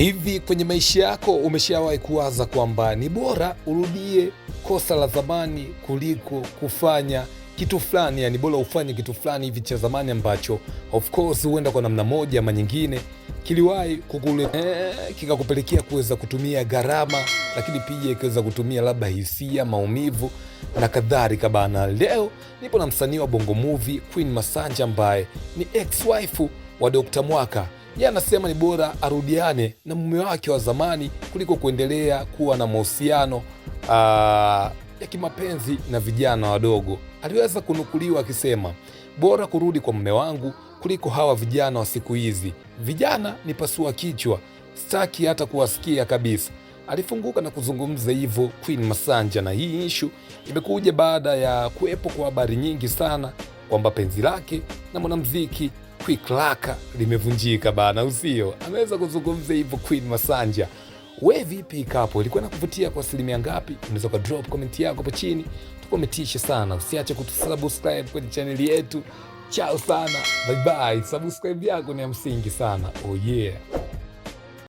Hivi kwenye maisha yako umeshawahi kuwaza kwamba ni bora urudie kosa la zamani kuliko kufanya kitu fulani? Yani bora ufanye kitu fulani hivi cha zamani ambacho of course huenda kwa namna moja ama nyingine kiliwahi kukule eh, kikakupelekea kuweza kutumia gharama, lakini pia ikiweza kutumia labda hisia, maumivu na kadhalika bana. Leo nipo na msanii wa Bongo Movie Queen Masanja ambaye ni ex wife wa Dr. Mwaka yeye anasema ni bora arudiane na mume wake wa zamani kuliko kuendelea kuwa na mahusiano ah, ya kimapenzi na vijana wadogo. Aliweza kunukuliwa akisema, bora kurudi kwa mume wangu kuliko hawa vijana wa siku hizi. Vijana ni pasua kichwa, staki hata kuwasikia kabisa. Alifunguka na kuzungumza hivyo Queen Masanja, na hii ishu imekuja baada ya kuwepo kwa habari nyingi sana kwamba penzi lake na mwanamuziki Quick Laka limevunjika bana, usio ameweza kuzungumza hivyo. Queen Masanja, we vipi kapo, ilikuwa nakuvutia kwa asilimia ngapi? Unaweza ka drop comment yako hapo chini, tukometishe sana. Usiache kutusubscribe kwenye chaneli yetu. Chao sana, bye bye. Subscribe yako ni ya msingi sana. Oh yeah.